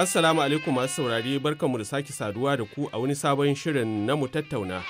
Assalamu alaikum masu saurari barkanmu da sake saduwa da ku a wani sabon shirin na mu tattauna.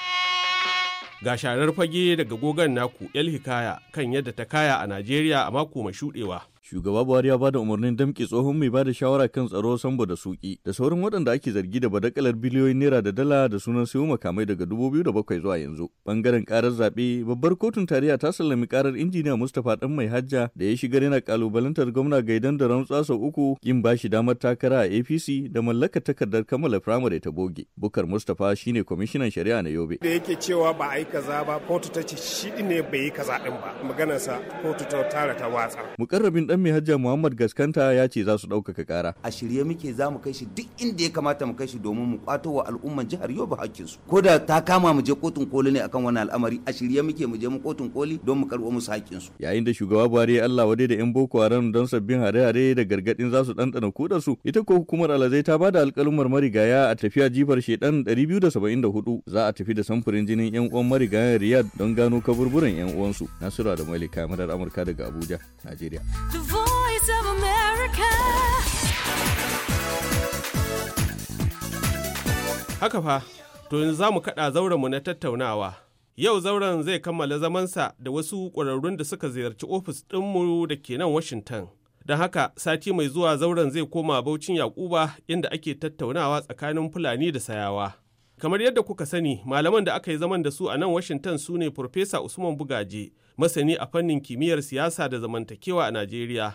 Ga sharar fage daga gogon naku El Hikaya kan yadda ta kaya a Najeriya a mako mai shuɗewa. shugaba buhari ya bada umarnin damƙe tsohon mai bada shawara kan tsaro sambo da suki da sauran waɗanda ake zargi da badakalar biliyoyin naira da dala da sunan sayo makamai daga 2007 zuwa yanzu bangaren karar zaɓe babbar kotun tarayya ta sallami karar injiniya mustapha dan mai hajja da ya shigar yana kalubalantar gwamna gaidan da rantsa sau uku kin ba shi damar takara a apc da mallakar takardar kammala firamare ta boge bukar mustapha shine kwamishinan shari'a na yobe da yake cewa ba a yi kaza ba kotu ta ce shi ne bai yi kaza din ba maganarsa kotu ta tara watsa mukarrabin dan Mai hajjar Muhammad Gaskanta ya ce za su ɗaukaka ƙara. A shirye muke za mu kai shi duk inda ya kamata mu kai shi domin mu kwato wa al'umman jihar Yobe hakkinsu. Ko da ta kama mu je kotun koli ne akan wani al'amari a shirye muke mu je mu kotun koli don mu karɓo musu hakkinsu. Yayin da shugaba Buhari ya Allah wadai da 'yan Boko Haram don sabbin hare-hare da gargaɗin za su ɗanɗana kudarsu. Ita ko hukumar alazai ta ba bada alƙalumar marigaya a tafiya jifar shedan 274 za a tafi da samfurin jinin 'yan uwan marigayan Riyadh don gano kaburburan 'yan uwansu. Nasiru da Malika kamar Amurka daga Abuja, Najeriya. voice Haka fa, to yanzu za mu kaɗa zaurenmu na tattaunawa. Yau zauren zai kammala zamansa da wasu ƙwararrun da suka ziyarci ofis ɗinmu da ke nan Washington. Don haka, sati mai zuwa zauren zai koma Baucin Yakuba inda ake tattaunawa tsakanin Fulani da Sayawa. Kamar yadda kuka sani, malaman da aka yi zaman da su a nan Washington su ne Farfesa Usman Bugaje masani a fannin kimiyyar siyasa da zamantakewa a Najeriya,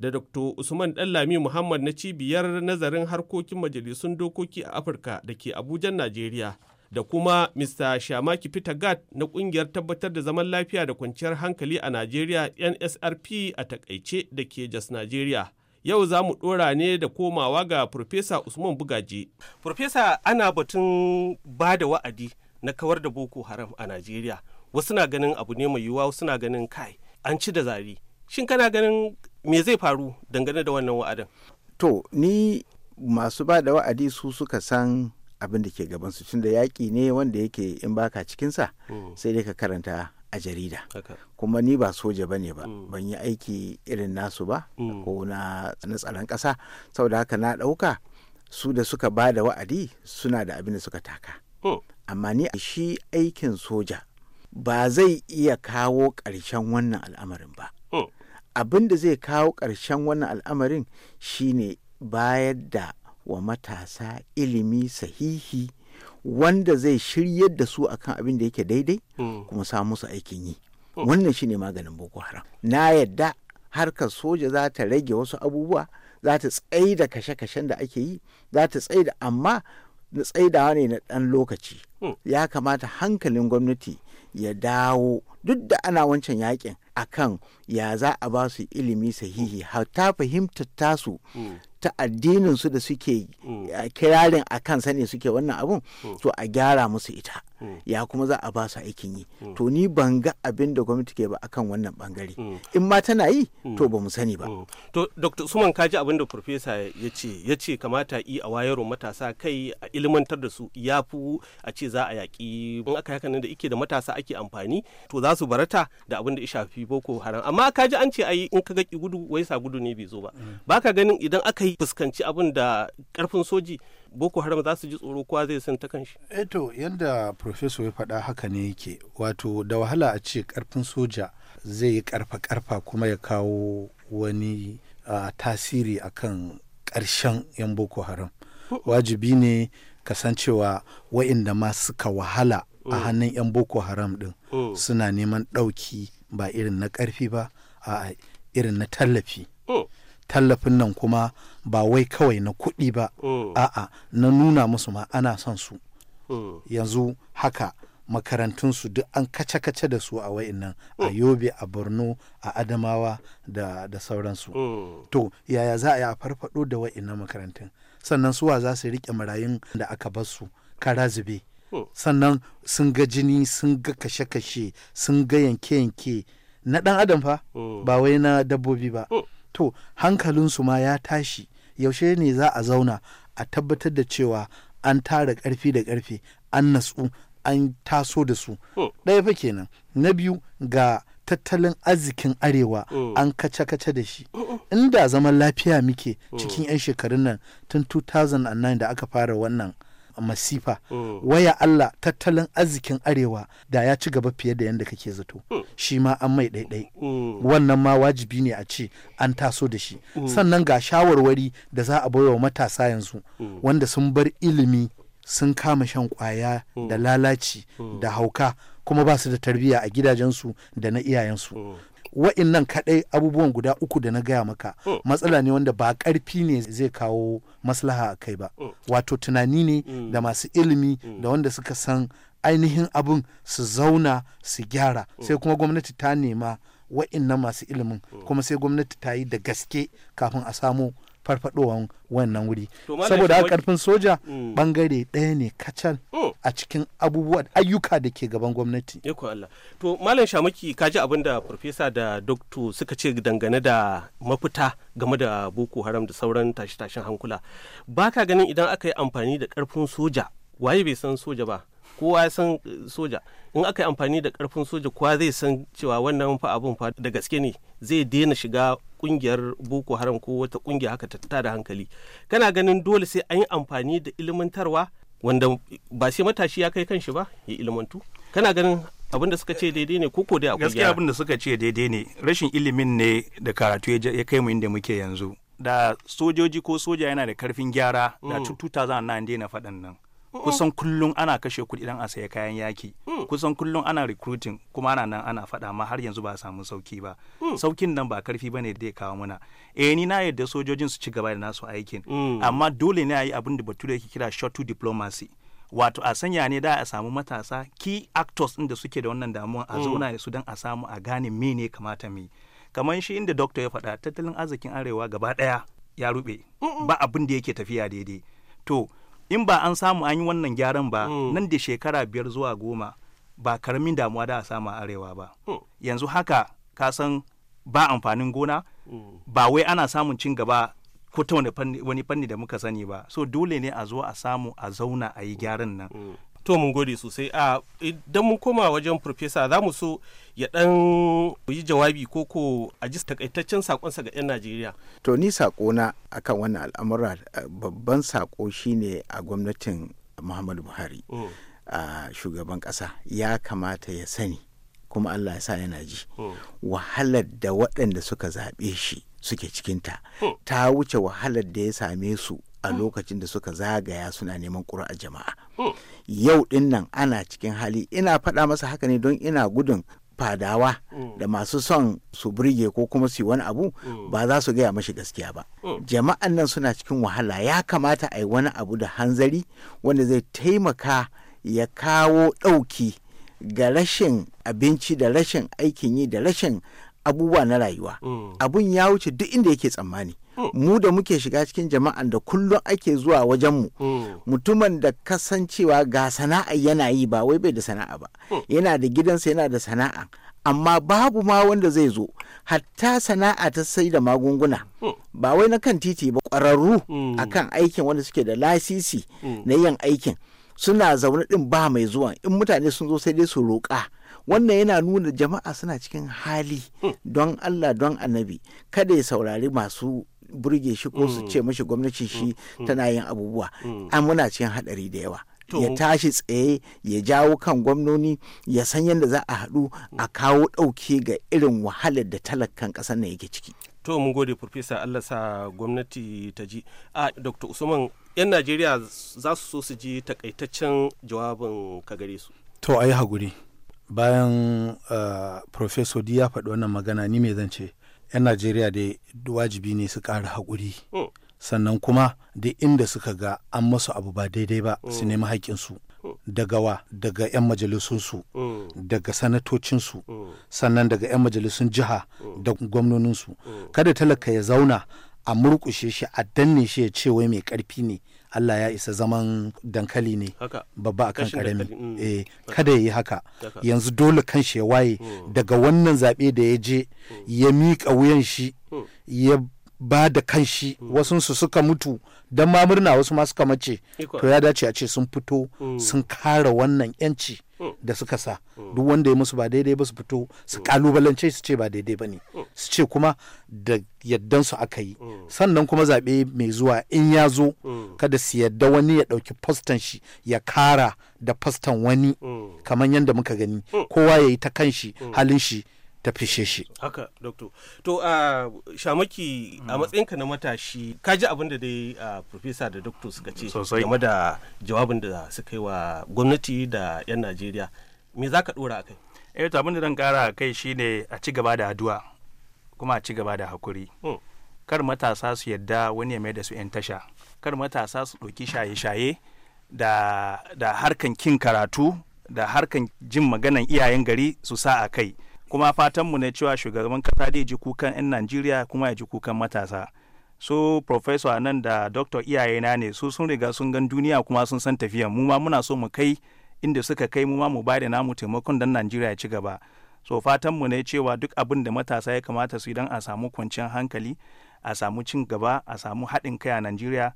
da Dr. Usman Ɗanlami Muhammad na cibiyar nazarin harkokin majalisun dokoki a Afirka da ke Abuja, Najeriya, da kuma Mr. Shamaki Peter Gat na ƙungiyar tabbatar da zaman lafiya da kwanciyar hankali a Najeriya NSRP a takaice da ke Jos Najeriya. yau za mu ɗora ne da komawa ga Profesa Usman Bugaji. Profesa ana batun ba da wa'adi na kawar da Boko Haram a Najeriya. wasu na ganin abu ne mai yiwuwa wasu na ganin kai an ci da zari shin kana ganin me zai faru dangane da wannan wa'adin to ni masu ba da wa'adi su suka san abin da ke gaban gabansu da yaƙi ne wanda yake in baka cikin sa hmm. sai dai ka karanta a jarida kuma ni ba soja bane ba hmm. ban yi aiki irin nasu ba hmm. ko na tsaron ƙasa saboda haka na ɗauka su da suka ba da wa'adi suna da abin da suka taka amma ni shi aikin soja ba zai iya kawo ƙarshen wannan al'amarin ba oh. abin da zai kawo ƙarshen wannan al'amarin shine bayar da wa matasa ilimi sahihi wanda zai shiryar da su akan abin da yake daidai hmm. kuma samu musu aikin yi oh. wannan shine maganin boko haram na yadda harkar soja za ta rage wasu abubuwa za ta tsaida kashe-kashen da ake yi za ta tsaida amma na tsaidawa ne na ɗan lokaci ya kamata hankalin gwamnati ya dawo duk da ana wancan yakin a kan ya za a ba su ilimi sahihi hatta fahimtar tasu ta addinin su da suke mm. kirarin a kan sani suke wannan abun mm. to a gyara musu ita mm. ya kuma za a ba su aikin yi to ni ban ga abin da gwamnati ke ba a kan wannan bangare in ma tana yi to ba mu sani ba to dr suman kaji abin da profesa ya ce ya ce kamata yi a wayarwa matasa kai a ilimantar da su ya fi a ce za a yaƙi in aka hakan da ike da matasa ake amfani to za su barata da abin da ya shafi boko haram amma ka ji an ce ayi in ka ga gudu wai sa gudu ne bai zo ba mm. baka ganin idan aka yi fuskanci abin da karfin soji boko haram za su ji tsoro kowa zai san ta kanshi eto eh yadda professor ya faɗa haka ne yake wato da wahala a ce karfin soja zai yi karfa karfa kuma ya kawo wani uh, tasiri akan ƙarshen yan boko haram wajibi ne kasancewa wa'inda ma suka wahala a mm. hannun 'yan boko haram din mm. suna neman ɗauki ba irin na ƙarfi ba a irin na tallafi mm. tallafin nan kuma ba wai kawai na kuɗi ba a'a na nuna musu ma ana son su yanzu haka makarantunsu duk an kace-kace da su a wa'innan a oh. yobe a borno a adamawa da, da sauransu oh. to yaya za a yi a farfado da wa'innan makarantun sannan suwa za su riƙe marayun da aka bar su kara zube oh. sannan sun ga jini sun ga kashe-kashe sun ga yanke-yanke na ɗan adam fa ba wai na dabbobi ba to hankalinsu ma ya tashi yaushe ne za a zauna a tabbatar da cewa an tara ƙarfi da ƙarfe an natsu an taso da su oh. ɗaya fa kenan na biyu ga tattalin arzikin arewa oh. an kace-kace da shi oh, inda zaman lafiya muke cikin 'yan shekarun nan tun 2009 da aka fara wannan masifa waya Allah tattalin arzikin arewa da ya ci gaba fiye da yadda kake zato shi ma an mai ɗaiɗai wannan ma wajibi ne a ce an taso da shi sannan ga shawarwari da za a baiwa matasa yanzu wanda sun bar ilimi sun kama shan kwaya mm. da lalaci mm. da hauka kuma ba su da tarbiyya a gidajensu da na iyayensu mm. wa'innan kaɗai abubuwan guda uku da na gaya maka matsala ne wanda ba ƙarfi ne zai kawo maslaha a kai ba wato tunani ne da masu ilimi da wanda suka san ainihin abin su zauna su gyara sai kuma gwamnati ta nema wa'innan masu ilimin kuma sai gwamnati ta yi da gaske kafin a samu farfadowan wannan wuri saboda karfin soja mm. bangare ɗaya ne kacal mm. a cikin abubuwan ayyuka da ke gaban gwamnati Allah to malam shamaki kaji abin da farfesa da doktor suka ce dangane da mafita game da boko haram da sauran tashe tashin hankula baka ganin idan aka yi amfani da karfin soja waye bai san soja ba kowa ya san eh, soja in aka yi amfani da karfin soja kowa zai san cewa wannan fa abun fa da gaske ne zai daina shiga kungiyar boko haram ko wata kungiya haka ta tada hankali kana ganin dole sai an yi amfani da ilmantarwa wanda ba sai matashi ya kai kanshi ba ya ilmantu kana ganin abin da suka ce daidai ne koko dai kungiya gaskiya abin da suka ce daidai ne rashin ilimin ne da karatu ya kai mu inda muke yanzu da sojoji ko soja yana da karfin gyara da mm. na daina faɗan nan kusan kullum ana kashe kuɗi idan a sayi kayan yaki mm. kusan kullum ana recruiting kuma ana nan ana faɗa ma har yanzu ba a samu sauki ba mm. saukin nan ba karfi bane da ya kawo muna eh ni na yarda sojojin su ci gaba da nasu aikin mm. amma dole ne a yi abin da bature yake kira short to diplomacy wato a sanya ne da a samu matasa key actors inda suke da wannan damuwa a zauna da su don a samu a gane mene kamata mu kamar shi inda doctor ya faɗa tattalin arzikin arewa gaba ɗaya ya rube ba abin da yake tafiya daidai to in ba an samu an yi wannan gyaran ba hmm. nan da shekara biyar zuwa goma ba karamin damuwa da a samu arewa ba hmm. yanzu haka ka san ba amfanin gona hmm. ba wai ana samun cin gaba ko ta wani fanni da muka sani ba so dole ne a zo a samu a zauna a yi gyaran nan to mun gode sosai a idan mun koma wajen profesa za mu so ya dan yi jawabi ko ko a ji takaitaccen sakonsa ga 'yan najeriya to ni sakona akan wannan al'amura babban sako shine a gwamnatin muhammadu buhari mm. a shugaban kasa ya kamata ya sani kuma allah ya sa yana ji mm. wahalar da waɗanda suka zaɓe shi suke cikinta mm. ta wuce wahalar da ya same su a mm. lokacin da suka zagaya suna neman ƙuri'ar jama'a mm. yau ɗinnan nan ana cikin hali ina faɗa masa haka ne don ina gudun fadawa mm. da masu son su burge ko kuma su yi wani abu ba za su gaya mashi gaskiya ba jama'an nan suna cikin wahala ya kamata a yi wani abu da hanzari wanda zai taimaka ya kawo ɗauki ga rashin abinci da rashin aikin yi da rashin abubuwa na rayuwa abun ya wuce duk inda yake tsammani mu da muke shiga cikin jama'an da kullum ake zuwa wajen mu hmm. mutumin da kasancewa ga sana'a yana yi ba wai bai da sana'a ba hmm. yana da gidansa yana da sana'a amma babu ma wanda zai zo hatta sana'a ta sai da magunguna hmm. ba wai na kan titi ba ƙwararru akan aikin wanda suke da lasisi na yin aikin suna zaune ɗin ba mai zuwa in mutane sun zo sai dai su roƙa wannan yana nuna jama'a suna cikin hali don Allah don annabi kada ya saurari masu burge shi ko su mm. ce mashi gwamnati shi mm. Mm. tana yin abubuwa an muna cikin haɗari da yawa ya tashi tsaye ya jawo kan gwamnoni ya san yadda za a haɗu a kawo ɗauke ga irin wahalar da talakan ƙasar na yake ciki to mun gode farfesa allah sa gwamnati ta ji ah, a dr usman yan najeriya za su so su ji takaitaccen jawabin ka gare su to a yi haguri bayan uh, professor di ya faɗi wannan magana ni me zan ce 'yan najeriya da wajibi ne su ƙara haƙuri hmm. sannan kuma da inda suka ga an masu abu ba daidai ba su hmm. nemi haƙƙinsu hmm. daga wa daga 'yan majalisunsu daga sanatocinsu sannan daga 'yan majalisun jiha da gwamnoninsu kada talaka ya zauna a murƙushe shi a danne shi ya ce wai mai ƙarfi ne Allah ya isa zaman dankali ne babba akan karami mm. eh, Kada ya yi haka yanzu dole kan shi ya waye mm. daga wannan zaɓe da ya je mm. ya miƙa wuyan shi ya ba da kanshi wasunsu suka mutu don ma murna wasu masu kamace to ya dace a ce sun fito mm. sun kara wannan yanci mm. da suka sa mm. duk wanda ya musu ba daidai ba su fito su kalubalance su ce ba daidai ba ne su ce kuma da yaddan su aka yi sannan kuma zaɓe mai zuwa in ya zo kada su yadda wani ya ɗauki fastan shi ya kara da fastan wani kamar yadda muka gani kowa ya yi ta kan shi halin shi ta fishe shi haka doctor to a shamaki a hmm. matsayinka na matashi ka ji abin da dai uh, da doctor suka ce game da jawabin da suka yi wa gwamnati da 'yan najeriya me za ka dora kai? eh to abin da zan kara shi shine a ci gaba da addu'a kuma a ci gaba da hakuri hmm. kar matasa su yadda wani ya mai da su 'yan tasha kar matasa su ɗauki shaye-shaye da harkan kin karatu da harkan jin maganan iyayen gari su sa a kai kuma fatanmu ne cewa shugaban kasa zai ji kukan 'yan najeriya kuma ya ji kukan matasa su professor nan da iyaye na ne su sun riga sun gan duniya kuma sun san tafiya mu ma muna so mu kai inda suka kai mu ma mu ba da namu taimakon dan najeriya ya ci gaba so fatanmu ne cewa duk abin da matasa ya kamata su idan a samu kwanciyar hankali a samu cin gaba a samu haɗin kai a najeriya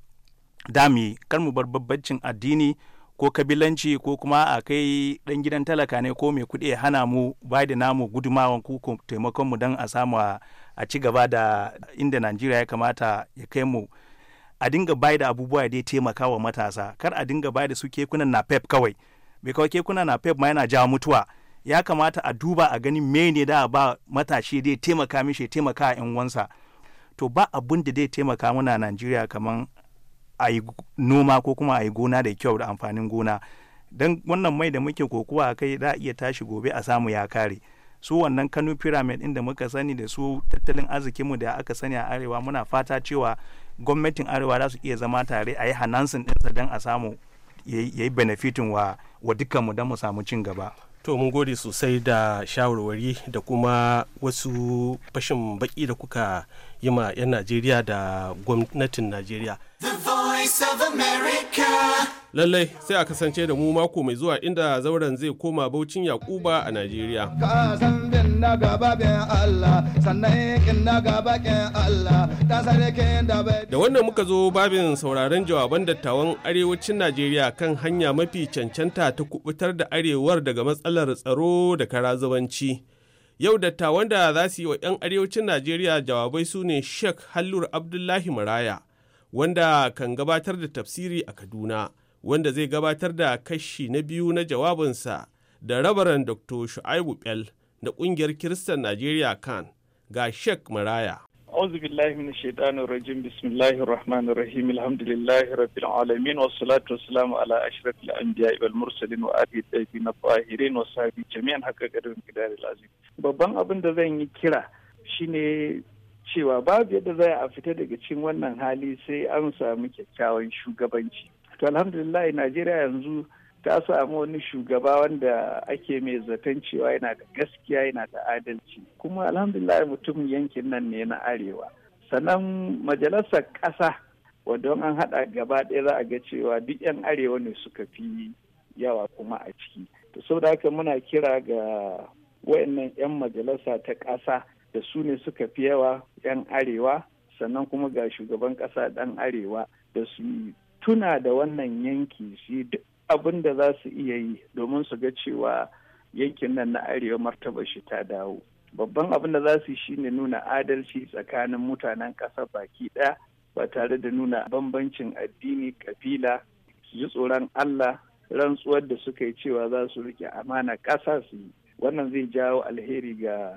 dami kar mu bar babbancin addini ko kabilanci ko kuma a kai dan gidan talaka ne ko mai kuɗi ya hana mu ba da namu gudumawan ku taimakon mu don a samu a ci gaba da inda najeriya ya kamata ya kai mu a dinga bai da abubuwa da ya taimaka wa matasa kar a dinga bai da su kekunan na pep kawai bai kawai kekunan na pep ma yana jawo mutuwa ya kamata a duba a gani mene da ba matashi da ya taimaka mishi ya taimaka yan uwansa to ba abun da zai taimaka muna najeriya kamar a yi noma ko kuma a yi gona da kyau da amfanin gona don wannan mai da muke kokuwa a kai za a iya tashi gobe a samu ya kare su wannan kano pyramid inda muka sani da su tattalin arzikinmu da aka sani a arewa muna fata cewa gwamnatin arewa za su iya zama tare a yi hanansin ɗinsa don a samu ya yi benefitin wa, wa dukkanmu don mu samu cin gaba to mun gode sosai da shawarwari da kuma wasu fashin baki da kuka yi ma 'yan najeriya da gwamnatin najeriya Lallai sai a kasance da mu mako mai zuwa inda zauren zai koma Baucin Yakuba a Najeriya. Da wannan muka zo babin sauraron jawaban dattawan arewacin Najeriya kan hanya mafi cancanta ta kubutar da arewar daga matsalar tsaro da karazubanci. Yau dattawan da za su yi wa 'yan arewacin Najeriya jawabai su ne Sheikh Hallur Abdullahi Maraya. wanda kan gabatar da tafsiri a Kaduna, wanda zai gabatar da kashi na biyu na jawabinsa da rabaran Dr. Shu'aibu Bel da ƙungiyar Kiristan Najeriya kan ga Sheikh Maraya. أعوذ بالله من الشيطان الرجيم بسم الله الرحمن الرحيم الحمد لله رب العالمين والصلاة والسلام على أشرف الأنبياء والمرسلين وآله الطيبين الطاهرين وصحبه جميعا حق قدر العظيم babban abin da zan yi kira shine cewa babu yadda za a fita daga cikin wannan hali sai an samu kyakkyawan shugabanci to alhamdulillah najeriya yanzu ta samu wani shugaba wanda ake mai zaton cewa yana da gaskiya yana da adalci kuma alhamdulillah mutum yankin nan ne na arewa sannan majalisar ƙasa wadda an haɗa gaba ɗaya za a ga cewa duk 'yan arewa ne suka fi yawa kuma a ciki to saboda haka muna kira ga wayannan 'yan majalisa ta ƙasa da su ne suka fi yawa 'yan arewa sannan kuma ga shugaban ƙasa ɗan arewa da su tuna da wannan yanki su duk abin da za su iya yi domin su ga cewa yankin nan na arewa martaba shi ta dawo babban abin da za su yi shine nuna adalci tsakanin mutanen ƙasa baki ɗaya ba tare da nuna bambancin addini kabila su ji tsoron allah rantsuwar da suka yi cewa za su rike amana ƙasa su yi wannan zai jawo alheri ga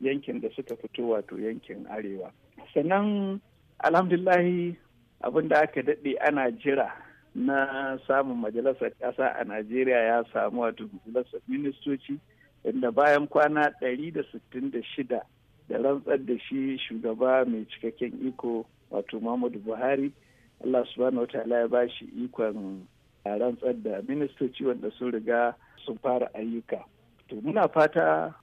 yankin da suka fito wato yankin arewa sannan alhamdulahi abin da aka daɗe ana jira na samun majalisar ƙasa a najeriya ya samu wato majalisar ministoci inda bayan kwana 166 da rantsar da shi shugaba mai cikakken iko wato muhammadu buhari allah subhanahu wataala ya ba shi ikon rantsar da ministoci wanda sun riga sun fara ayyuka to muna fata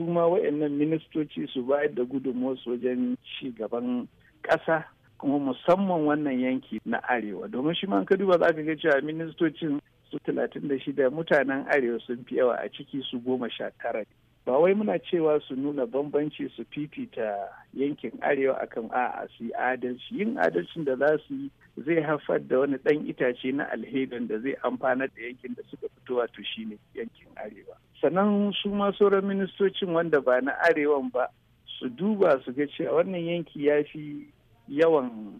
su ma wa'annan ministoci su bayar da gudunmuwarsu wajen ci gaban ƙasa kuma musamman wannan yanki na arewa domin shi ma ka duba za ka ga cewa ministocin su talatin da shida mutanen arewa sun fi yawa a ciki su goma sha tara ba wai muna cewa su nuna bambanci su fifita yankin arewa akan a'a su yi adalci yin adalcin da za su yi zai haifar da wani dan itace na alherin da zai amfanar da yankin da suka fito wato shine yankin arewa sannan su ma sauran ministocin wanda ba na arewan ba su duba su ga cewa wannan yanki ya fi yawan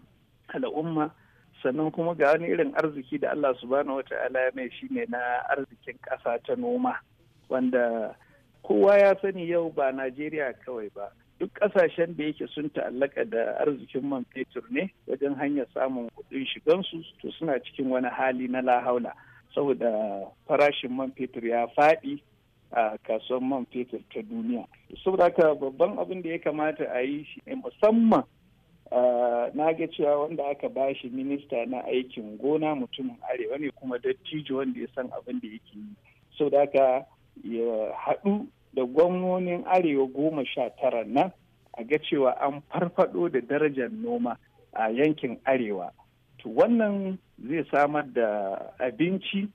al'umma sannan kuma ga wani irin arziki da Allah subhanahu wa ta'ala mai ne na arzikin ƙasa ta noma wanda kowa ya sani yau ba Najeriya kawai ba duk ƙasashen da yake sun ta'allaka da arzikin man fetur ne wajen hanyar samun kuɗin shigansu to suna cikin wani hali na lahaula saboda farashin man fetur ya faɗi a kasuwar man fetur ta duniya saboda haka babban abin da ya kamata a yi shi ne. musamman na ga cewa wanda aka ba shi minista na aikin gona mutumin arewa ne kuma dattijo wanda ya san abin da yake yi saboda haka ya haɗu da gwamnonin arewa goma sha tara nan a ga cewa an farfado da darajar noma a yankin arewa to wannan zai samar da abinci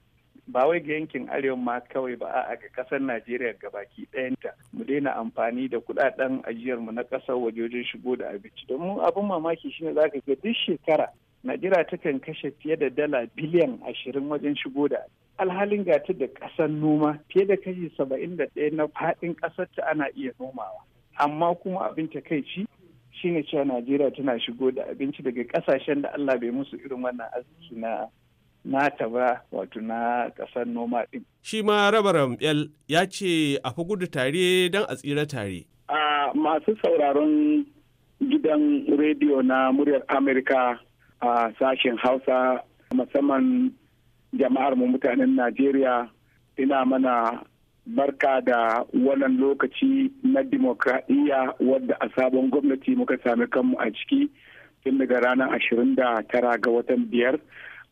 ba wai ga yankin arewa ma kawai ba a ga kasar najeriya baki ɗayanta mu daina amfani da kudaden ajiyar mu na ƙasar waje wajen shigo da abinci domin abin mamaki shine zaka ga duk shekara najeriya takan kashe fiye da dala biliyan ashirin wajen shigo da alhalin gata da ƙasar noma fiye da kashi saba'in da ɗaya na faɗin kasar ta ana iya nomawa amma kuma abin takaici shine cewa najeriya tana shigo da abinci daga ƙasashen da allah bai musu irin wannan arziki na na taba wato na kasar noma din. Shi ma rabaran yal ya ce a fi gudu tare don a tsira tare. A masu sauraron gidan rediyo na muryar Amurka a sashen Hausa musamman jama'ar mu mutanen Najeriya ina mana barka da wannan lokaci na dimokuraɗiyya wadda a sabon gwamnati muka sami kanmu a ciki tun daga ranar ashirin da tara ga watan biyar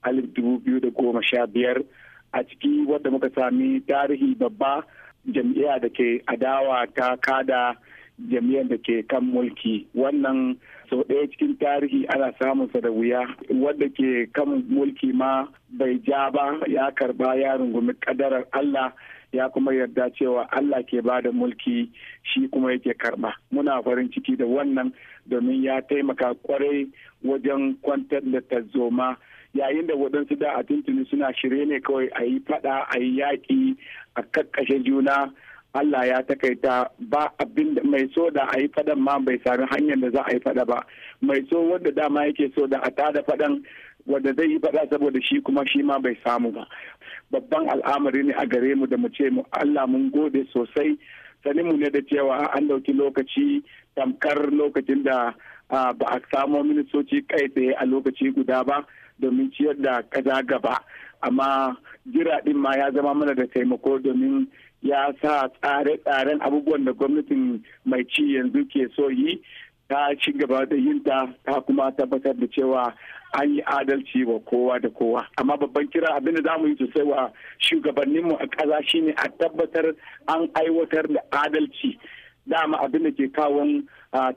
alif dubu biyu da goma sha biyar a ciki wadda muka sami tarihi babba jam'iyya da ke adawa ta kada jam'iyyar da ke kan mulki wannan sau ɗaya cikin tarihi ana samunsa da wuya wadda ke kan mulki ma bai ja ba ya karba ya rungumi kadarar allah ya kuma yarda cewa Allah ke ba da mulki shi kuma yake karba muna farin ciki da wannan domin ya taimaka kwarai wajen kwantar da tazoma. yayin da waɗansu da a tuntuni suna shirye ne kawai a yi faɗa a yi yaƙi a kakkashe juna Allah ya takaita ba abin da mai so da a yi faɗan ma bai sami hanyar da za a yi faɗa ba mai so wanda dama yake so da a tada faɗan wanda zai yi faɗa saboda shi kuma shi ma bai samu ba babban al'amari ne a gare mu da mu ce mu Allah mun gode sosai sani mu ne da cewa an ɗauki lokaci tamkar lokacin da ah, ba a samo ministoci kai tsaye a lokaci guda ba domin ciyar da kaza gaba amma jira din ma ya zama mana da taimako domin ya sa tsare-tsaren abubuwan da gwamnatin mai ci yanzu ke so yi ta ci gaba da yin ta ta kuma tabbatar da cewa an yi adalci wa kowa da kowa amma babban kira abinda za mu yi sosai wa shugabanninmu a ƙasa shine a tabbatar an aiwatar da adalci dama abin da ke kawo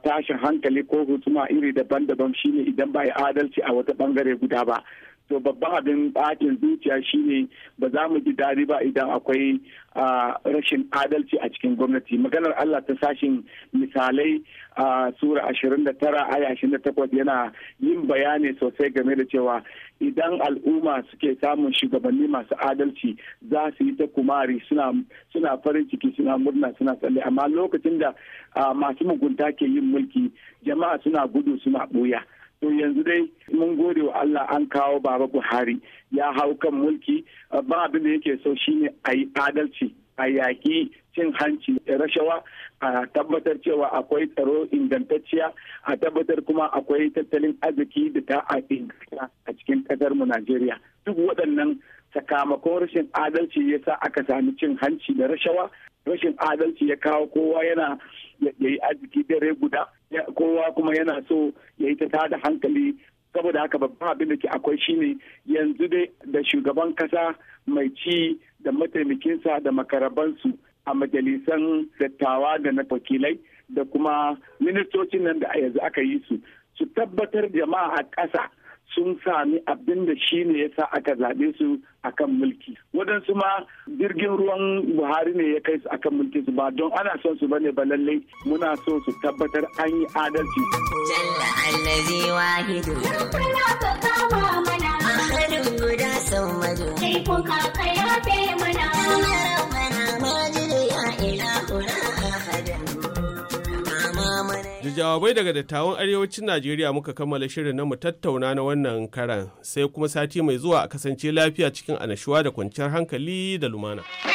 tashin hankali ko hutuma iri daban-daban shine idan ba adalci a wata bangare guda ba to babban abin bakin zuciya shine ba za mu ji dari ba idan akwai rashin adalci a cikin gwamnati maganar Allah ta sashin misalai a sura 29 aya 28 yana yin bayani sosai game da cewa idan al'umma suke samun shugabanni masu adalci za su yi ta kumari suna farin ciki suna murna suna tsalle amma lokacin da masu mugunta ke yin mulki jama'a suna gudu suna ɓuya. to yanzu dai mun gode wa Allah an kawo baba Buhari ya hau kan mulki ba abin da yake so shine a yi adalci a yaƙi cin hanci rashawa a tabbatar cewa akwai tsaro ingantacciya a tabbatar kuma akwai tattalin arziki da ta a inganta a cikin ƙasar mu Najeriya duk waɗannan sakamakon rashin adalci ya sa aka sami cin hanci da rashawa rashin adalci ya kawo kowa yana yayi arziki dare guda kowa kuma yana so ya yi ta tada hankali saboda haka babban abin da ke akwai shi ne yanzu dai da shugaban kasa mai ci da mataimakinsa da makarabansu a majalisan dattawa da na wakilai da kuma ministocin nan da yanzu aka yi su su tabbatar jama'a a ƙasa sun sami abin da shi ne ya sa aka zaɓe su akan mulki waɗansu ma jirgin ruwan buhari ne ya kai su akan mulki su ba don ana son su bane ba lallai muna so su tabbatar an yi adalci jalla allazi wahidu mana guda sai jawabai daga dattawan arewacin Najeriya muka kammala shirin na mu tattauna na wannan karan sai kuma sati mai zuwa a kasance lafiya cikin anashuwa da kwanciyar hankali da lumana.